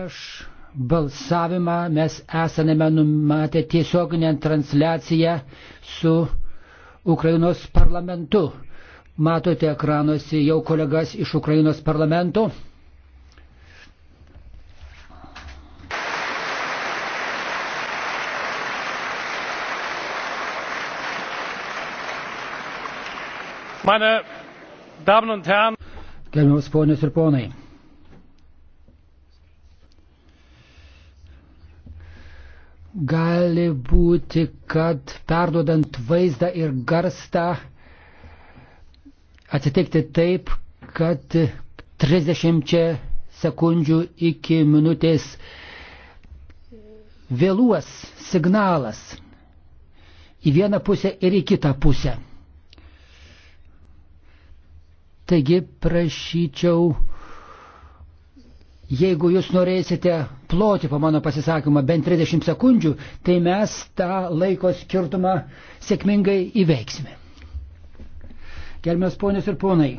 prieš balsavimą mes esame numatę tiesioginę transliaciją su Ukrainos parlamentu. Matote ekranuose jau kolegas iš Ukrainos parlamento. Meine Damen und Herren, gerbiamas ponios ir ponai. Gali būti, kad perduodant vaizdą ir garstą atsitikti taip, kad 30 sekundžių iki minutės vėluos signalas į vieną pusę ir į kitą pusę. Taigi prašyčiau Jeigu jūs norėsite ploti po mano pasisakymą bent 30 sekundžių, tai mes tą laiko skirtumą sėkmingai įveiksime. Gerbiamas ponės ir ponai.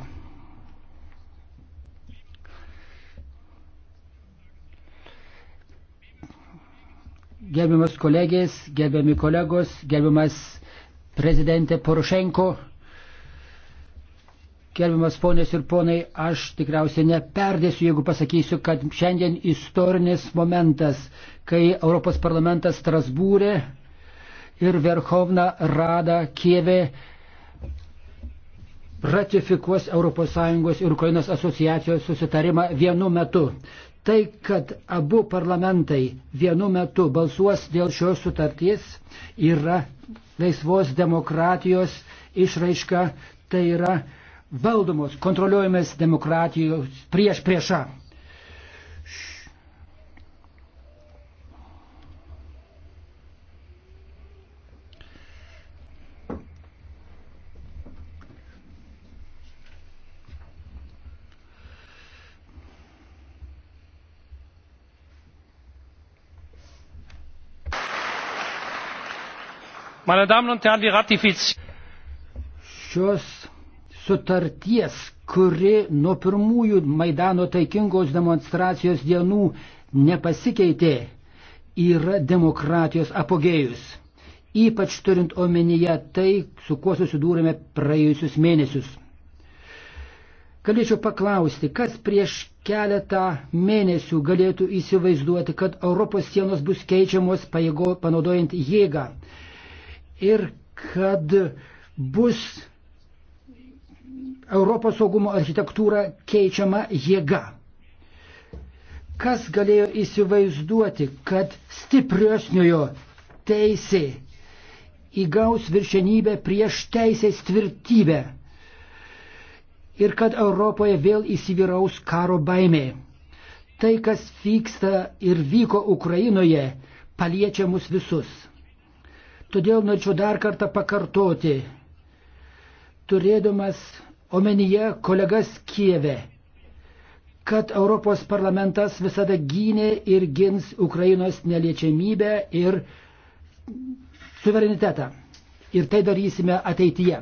Gerbiamas kolegės, gerbiami kolegos, gerbiamas prezidentė Porošenko, Gerbiamas ponės ir ponai, aš tikriausiai neperdėsiu, jeigu pasakysiu, kad šiandien istorinis momentas, kai Europos parlamentas Strasbūrė ir Verhovna Rada Kievė ratifikuos ES ir Ukrainos asociacijos susitarimą vienu metu. Tai, kad abu parlamentai vienu metu balsuos dėl šios sutarties, yra laisvos demokratijos išraiška, tai yra valdomos, kontroliuojamės demokratijos prieš priešą. meine damen und herren die ratifizierung sutarties, kuri nuo pirmųjų Maidano taikingos demonstracijos dienų nepasikeitė, yra demokratijos apogėjus. Ypač turint omenyje tai, su kuo susidūrėme praėjusius mėnesius. Galėčiau paklausti, kas prieš keletą mėnesių galėtų įsivaizduoti, kad Europos sienos bus keičiamos pajėgo, panaudojant jėgą ir kad bus Europos saugumo architektūra keičiama jėga. Kas galėjo įsivaizduoti, kad stipresniojo teisė įgaus viršenybę prieš teisės tvirtybę ir kad Europoje vėl įsivyraus karo baimė. Tai, kas vyksta ir vyko Ukrainoje, paliečia mus visus. Todėl norėčiau dar kartą pakartoti, turėdamas omenyje kolegas Kieve, kad Europos parlamentas visada gynė ir gins Ukrainos neliečiamybę ir suverenitetą. Ir tai darysime ateityje.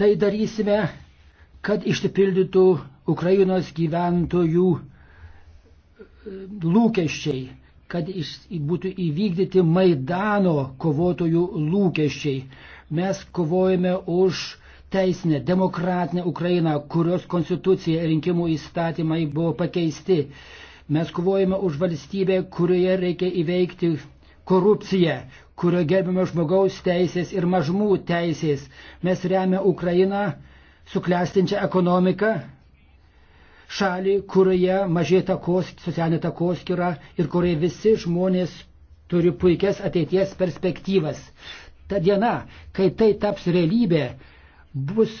Tai darysime kad išsipildytų Ukrainos gyventojų e, lūkesčiai, kad būtų įvykdyti Maidano kovotojų lūkesčiai. Mes kovojame už teisinę, demokratinę Ukrainą, kurios konstitucija ir rinkimų įstatymai buvo pakeisti. Mes kovojame už valstybę, kurioje reikia įveikti korupciją, kurio gerbime žmogaus teisės ir mažmų teisės. Mes remia Ukrainą suklestinčią ekonomiką, šalį, kurioje mažai takos, socialinė takos yra ir kurioje visi žmonės turi puikias ateities perspektyvas. Ta diena, kai tai taps realybė, bus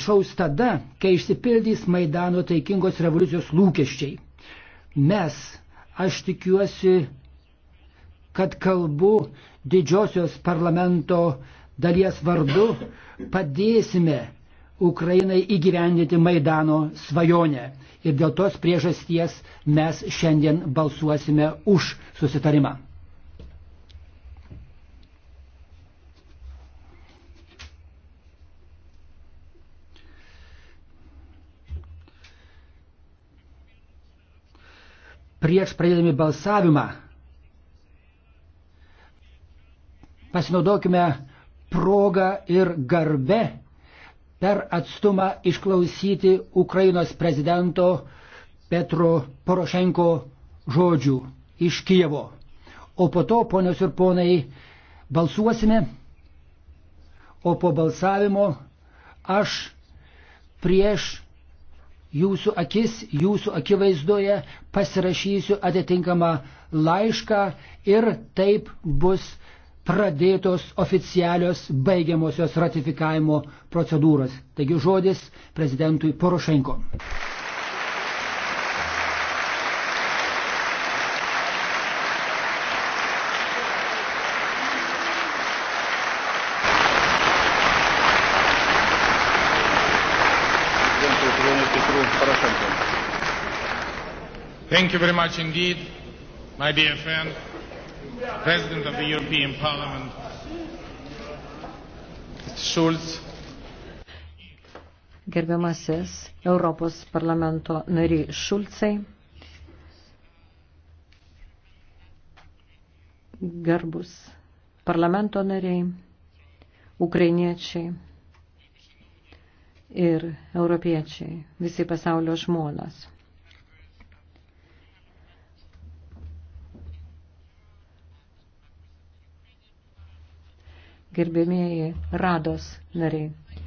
išaus tada, kai išsipildys Maidano taikingos revoliucijos lūkesčiai. Mes, aš tikiuosi, kad kalbu didžiosios parlamento dalies vardu, padėsime Ukrainai įgyvendinti Maidano svajonę. Ir dėl tos priežasties mes šiandien balsuosime už susitarimą. prieš pradėdami balsavimą pasinaudokime progą ir garbę per atstumą išklausyti Ukrainos prezidento Petro Porošenko žodžių iš Kievo. O po to, ponios ir ponai, balsuosime, o po balsavimo aš prieš jūsų akis, jūsų akivaizdoje pasirašysiu atitinkamą laišką ir taip bus pradėtos oficialios baigiamosios ratifikavimo procedūros. Taigi žodis prezidentui Porošenko. Thank you very much indeed, my dear friend. President of the European Parliament, Schulz. Gerbiamasis Europos parlamento nary Šulcai, garbus parlamento nariai, ukrainiečiai ir europiečiai, visi pasaulio žmonės. gerbėmėjai rados nariai.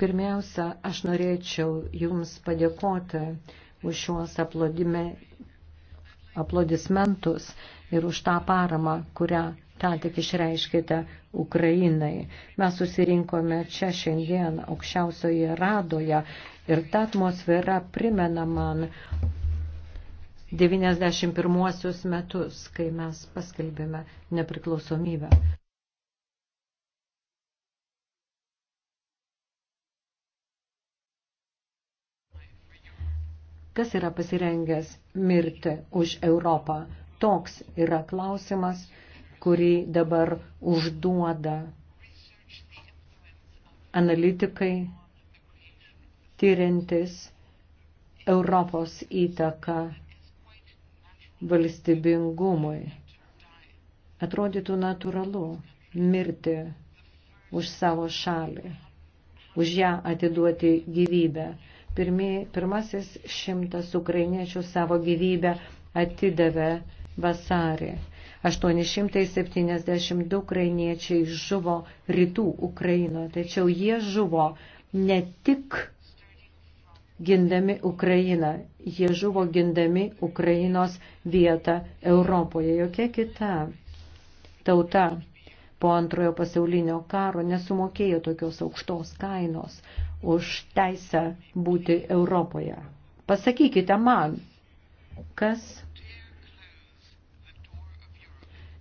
Pirmiausia, aš norėčiau Jums padėkoti už šiuos aplodime, aplodismentus ir už tą paramą, kurią tą tik išreiškite Ukrainai. Mes susirinkome čia šiandien aukščiausioje radoje ir ta atmosfera primena man 91 metus, kai mes paskelbėme nepriklausomybę. kas yra pasirengęs mirti už Europą. Toks yra klausimas, kurį dabar užduoda analitikai, tyrintis Europos įtaką valstybingumui. Atrodytų natūralu mirti už savo šalį, už ją atiduoti gyvybę. Pirmi, pirmasis šimtas ukrainiečių savo gyvybę atidavė vasarį. 872 ukrainiečiai žuvo rytų Ukrainoje, tačiau jie žuvo ne tik gindami Ukrainą, jie žuvo gindami Ukrainos vietą Europoje. Jokia kita tauta po antrojo pasaulinio karo nesumokėjo tokios aukštos kainos už teisę būti Europoje. Pasakykite man, kas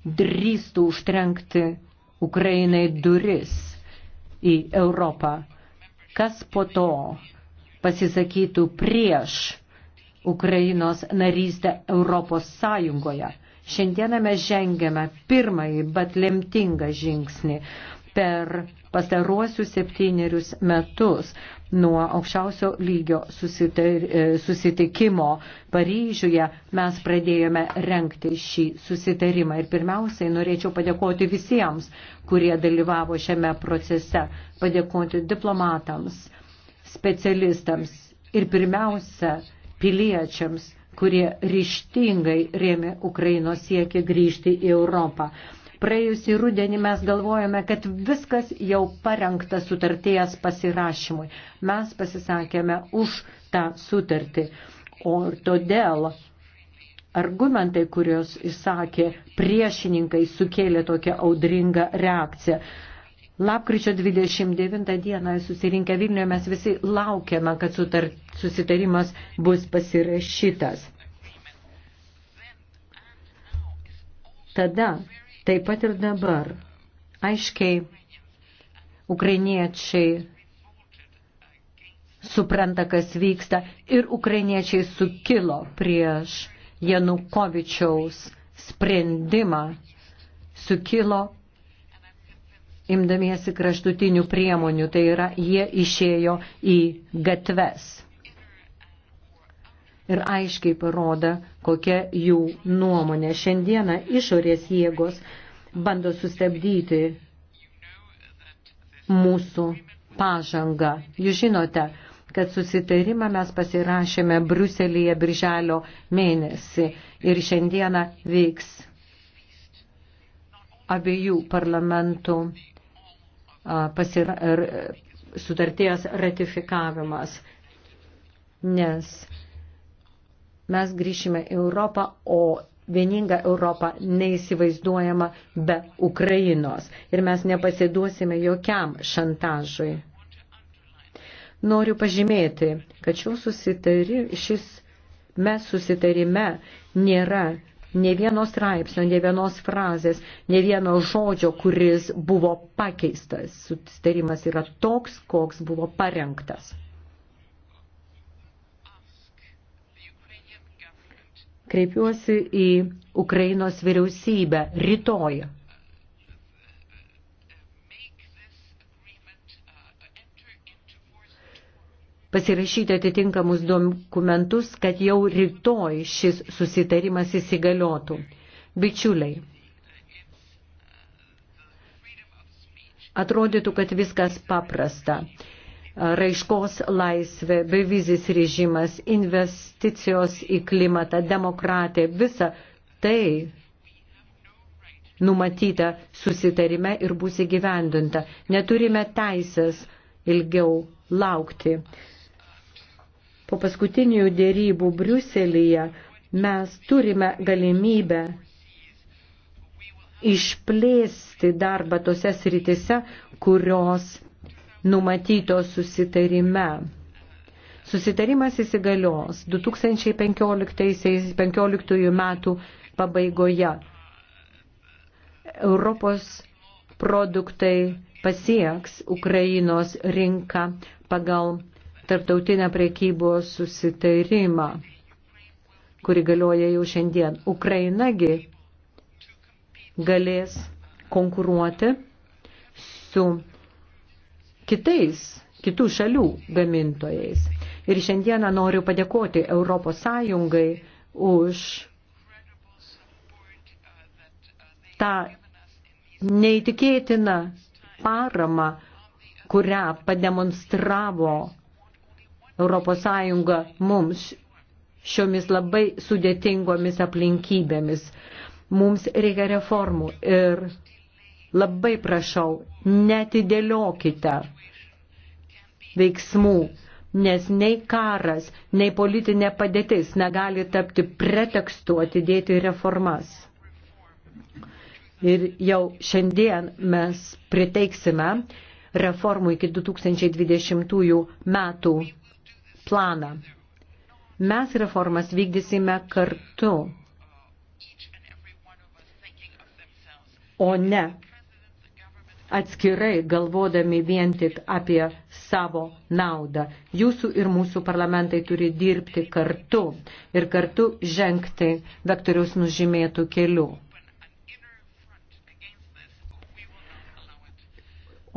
drįstų užtrenkti Ukrainai duris į Europą, kas po to pasisakytų prieš Ukrainos narystę Europos Sąjungoje. Šiandieną mes žengėme pirmąjį, bet lemtingą žingsnį per pastaruosius septynerius metus nuo aukščiausio lygio e, susitikimo Paryžiuje mes pradėjome renkti šį susitarimą. Ir pirmiausiai norėčiau padėkoti visiems, kurie dalyvavo šiame procese, padėkoti diplomatams, specialistams ir pirmiausia piliečiams, kurie ryštingai rėmė Ukrainos siekį grįžti į Europą. Praėjusį rudenį mes galvojame, kad viskas jau parengta sutarties pasirašymui. Mes pasisakėme už tą sutartį. O todėl argumentai, kurios išsakė priešininkai, sukėlė tokią audringą reakciją. Lapkričio 29 dieną susirinkę Vilniuje mes visi laukiame, kad sutar, susitarimas bus pasirašytas. Tada Taip pat ir dabar aiškiai ukrainiečiai supranta, kas vyksta ir ukrainiečiai sukilo prieš Janukovičiaus sprendimą, sukilo imdamiesi kraštutinių priemonių, tai yra jie išėjo į gatves ir aiškiai parodo, kokia jų nuomonė. Šiandieną išorės jėgos bando sustabdyti mūsų pažangą. Jūs žinote, kad susitarimą mes pasirašėme Bruselėje birželio mėnesį ir šiandieną vyks abiejų parlamentų pasira, sutarties ratifikavimas, nes mes grįšime į Europą, o vieninga Europa neįsivaizduojama be Ukrainos. Ir mes nepasiduosime jokiam šantažui. Noriu pažymėti, kad susitari, šis mes susitarime nėra ne vieno straipsnio, ne vienos frazės, ne vieno žodžio, kuris buvo pakeistas. Susitarimas yra toks, koks buvo parengtas. kreipiuosi į Ukrainos vyriausybę rytoj. Pasirašyti atitinkamus dokumentus, kad jau rytoj šis susitarimas įsigaliotų. Bičiuliai, atrodytų, kad viskas paprasta raiškos laisvė, bevizis režimas, investicijos į klimatą, demokratė, visa tai numatyta susitarime ir bus įgyvendinta. Neturime teisės ilgiau laukti. Po paskutinių dėrybų Briuselyje mes turime galimybę išplėsti darbą tose sritise, kurios numatytos susitarime. Susitarimas įsigalios 2015 metų pabaigoje. Europos produktai pasieks Ukrainos rinką pagal tarptautinę prekybos susitarimą, kuri galioja jau šiandien. Ukrainagi galės konkuruoti su kitais, kitų šalių gamintojais. Ir šiandieną noriu padėkoti Europos Sąjungai už tą neįtikėtiną paramą, kurią pademonstravo Europos Sąjunga mums šiomis labai sudėtingomis aplinkybėmis. Mums reikia reformų ir Labai prašau, netidėliokite veiksmų, nes nei karas, nei politinė padėtis negali tapti pretekstu atidėti reformas. Ir jau šiandien mes priteiksime reformų iki 2020 metų planą. Mes reformas vykdysime kartu, o ne atskirai galvodami vien tik apie savo naudą. Jūsų ir mūsų parlamentai turi dirbti kartu ir kartu žengti vektoriaus nužymėtų kelių.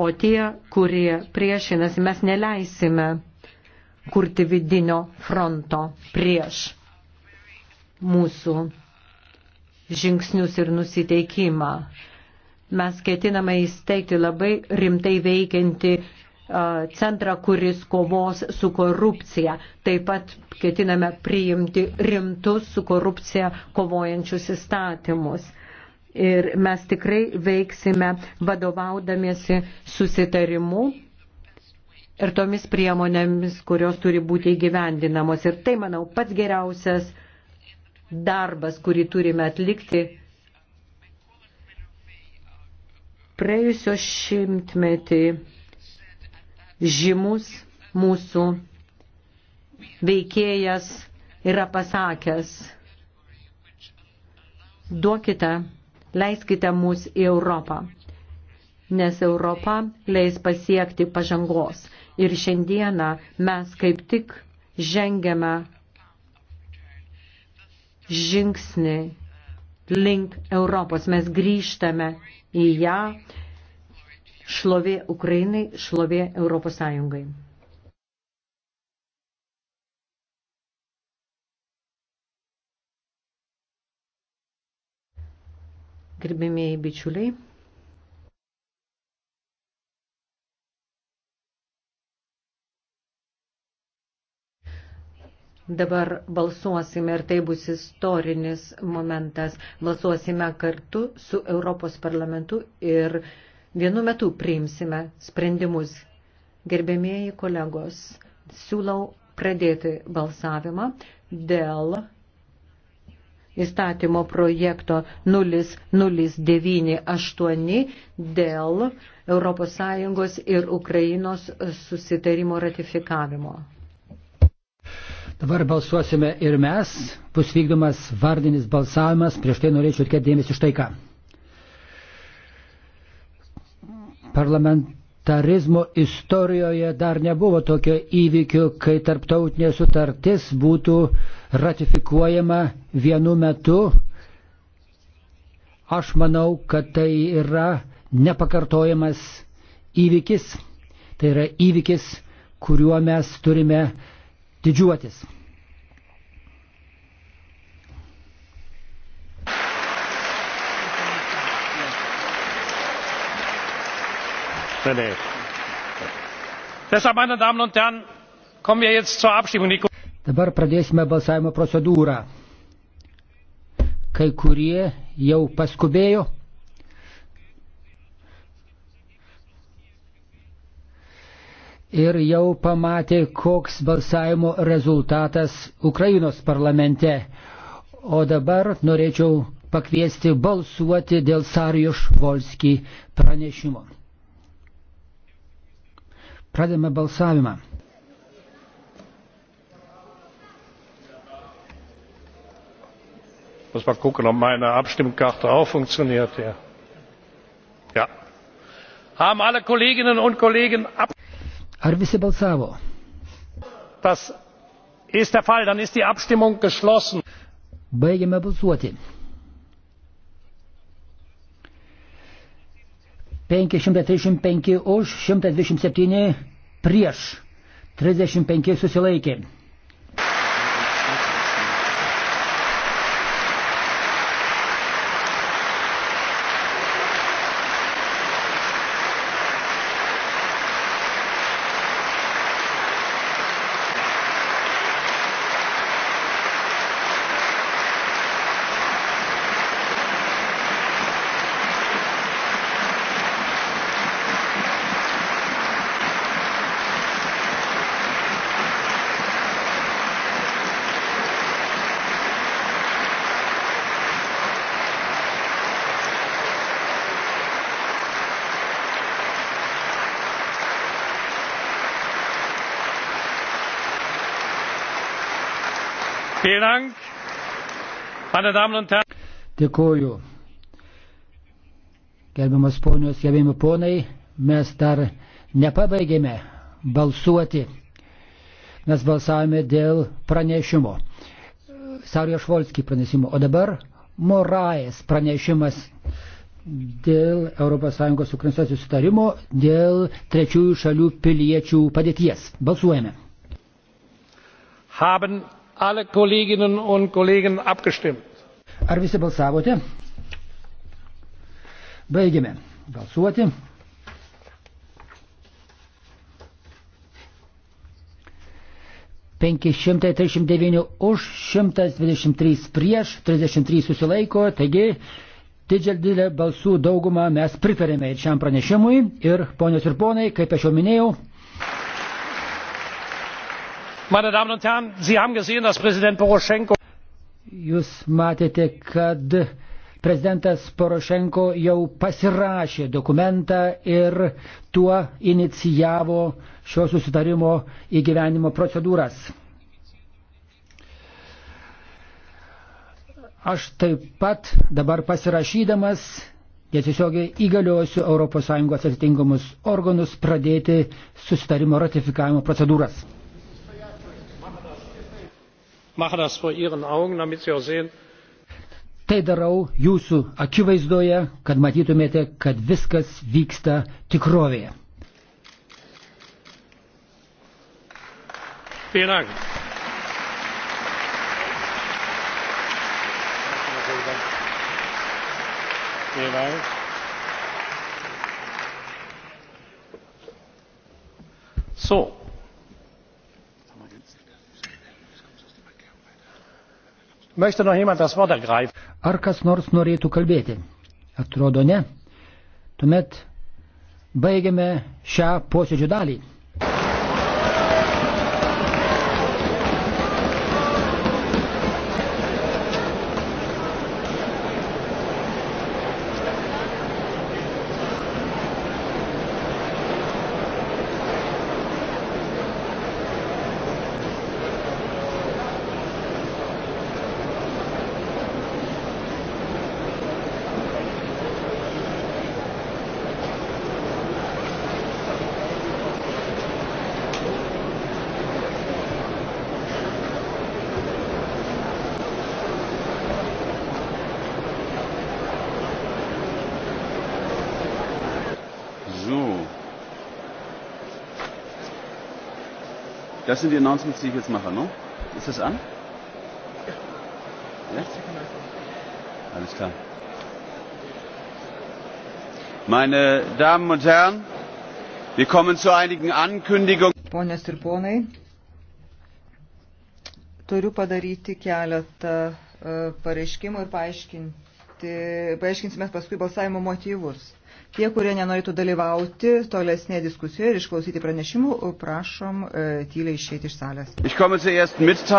O tie, kurie priešinasi, mes neleisime kurti vidinio fronto prieš mūsų žingsnius ir nusiteikimą mes ketiname įsteigti labai rimtai veikianti centrą, kuris kovos su korupcija. Taip pat ketiname priimti rimtus su korupcija kovojančius įstatymus. Ir mes tikrai veiksime vadovaudamiesi susitarimu ir tomis priemonėmis, kurios turi būti įgyvendinamos. Ir tai, manau, pats geriausias darbas, kurį turime atlikti Praėjusio šimtmetį žymus mūsų veikėjas yra pasakęs, duokite, leiskite mus į Europą, nes Europa leis pasiekti pažangos. Ir šiandieną mes kaip tik žengiame žingsnį link Europos. Mes grįžtame į ją. Šlovė Ukrainai, šlovė Europos Sąjungai. Gerbėmėjai bičiuliai. Dabar balsuosime ir tai bus istorinis momentas. Balsuosime kartu su Europos parlamentu ir vienu metu priimsime sprendimus. Gerbėmieji kolegos, siūlau pradėti balsavimą dėl įstatymo projekto 0098 dėl ES ir Ukrainos susitarimo ratifikavimo. Dabar balsuosime ir mes, bus vykdomas vardinis balsavimas, prieš tai norėčiau atkėti dėmesį štai ką. Parlamentarizmo istorijoje dar nebuvo tokio įvykio, kai tarptautinė sutartis būtų ratifikuojama vienu metu. Aš manau, kad tai yra nepakartojamas įvykis, tai yra įvykis, kuriuo mes turime didžiuotis. Deshalb, meine Damen und Herren, kommen wir jetzt zur Abstimmung. Dabar pradėsime balsavimo procedūrą. Kai kurie jau paskubėjo. ir jau pamatė, koks balsavimo rezultatas Ukrainos parlamente. O dabar norėčiau pakviesti balsuoti dėl Sarijos Volskį pranešimo. Pradėme balsavimą. Muss mal gucken, ob meine Abstimmkarte auch funktioniert. Ja. ja. Haben alle Kolleginnen und Kollegen ab Ar visi balsavo? Tas ist der Fall, dann ist die Abstimmung geschlossen. Baigiame balsuoti. 535 už, 127 prieš, 35 susilaikė. Dėkuoju. Gerbiamas ponios, gerbiami ponai, mes dar nepabaigėme balsuoti. Mes balsavome dėl pranešimo. Saurio Švolskį pranešimo. O dabar Moraes pranešimas dėl ES Ukrainos susitarimo, dėl trečiųjų šalių piliečių padėties. Balsuojame. Haben alle Kolleginnen und Kollegen abgestimmt? Ar visi balsavote? Baigėme balsuoti. penki šimtai trisdešimt devyni už šimtas dvidešimt trys prieš trisdešimt trys susilaiko taigi didelę balsų daugumą mes pritarėme šiam pranešimui ir ponios ir ponai kaip aš jau minėjau meine damen und herren sie haben gesehen dass präsident poroschenko jūs matėte kad prezidentas porošenko jau pasirašė dokumentą ir tuo inicijavo šio susitarimo įgyvenimo procedūras aš taip pat dabar pasirašydamas netiesiogiai įgaliosiu ES atitinkamus organus pradėti susitarimo ratifikavimo procedūras. Tai darau jūsų akivaizdoje, kad matytumėte, kad viskas vyksta tikrovėje. Vielen Dank. Vielen Dank. So. Ar kas nors norėtų kalbėti? Atrodo ne. Tuomet baigiame šią posėdžio dalį. Das sind die Announcements, die ich jetzt mache, ne? Ist das an? Ja? Alles klar. Meine Damen und Herren, wir kommen zu einigen Ankündigungen. Ponios ir ponai, turiu padaryti keletą e, pareiškimų ir paaiškinti, paaiškinsime paskui balsavimo motyvus. Tie, kurie nenorėtų dalyvauti tolesnėje diskusijoje ir išklausyti pranešimų, prašom e, tyliai išėti iš salės.